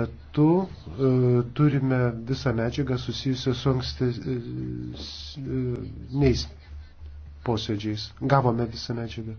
metu e, turime visą medžiagą susijusią su ankstesniais e, e posėdžiais. Gavome visą medžiagą.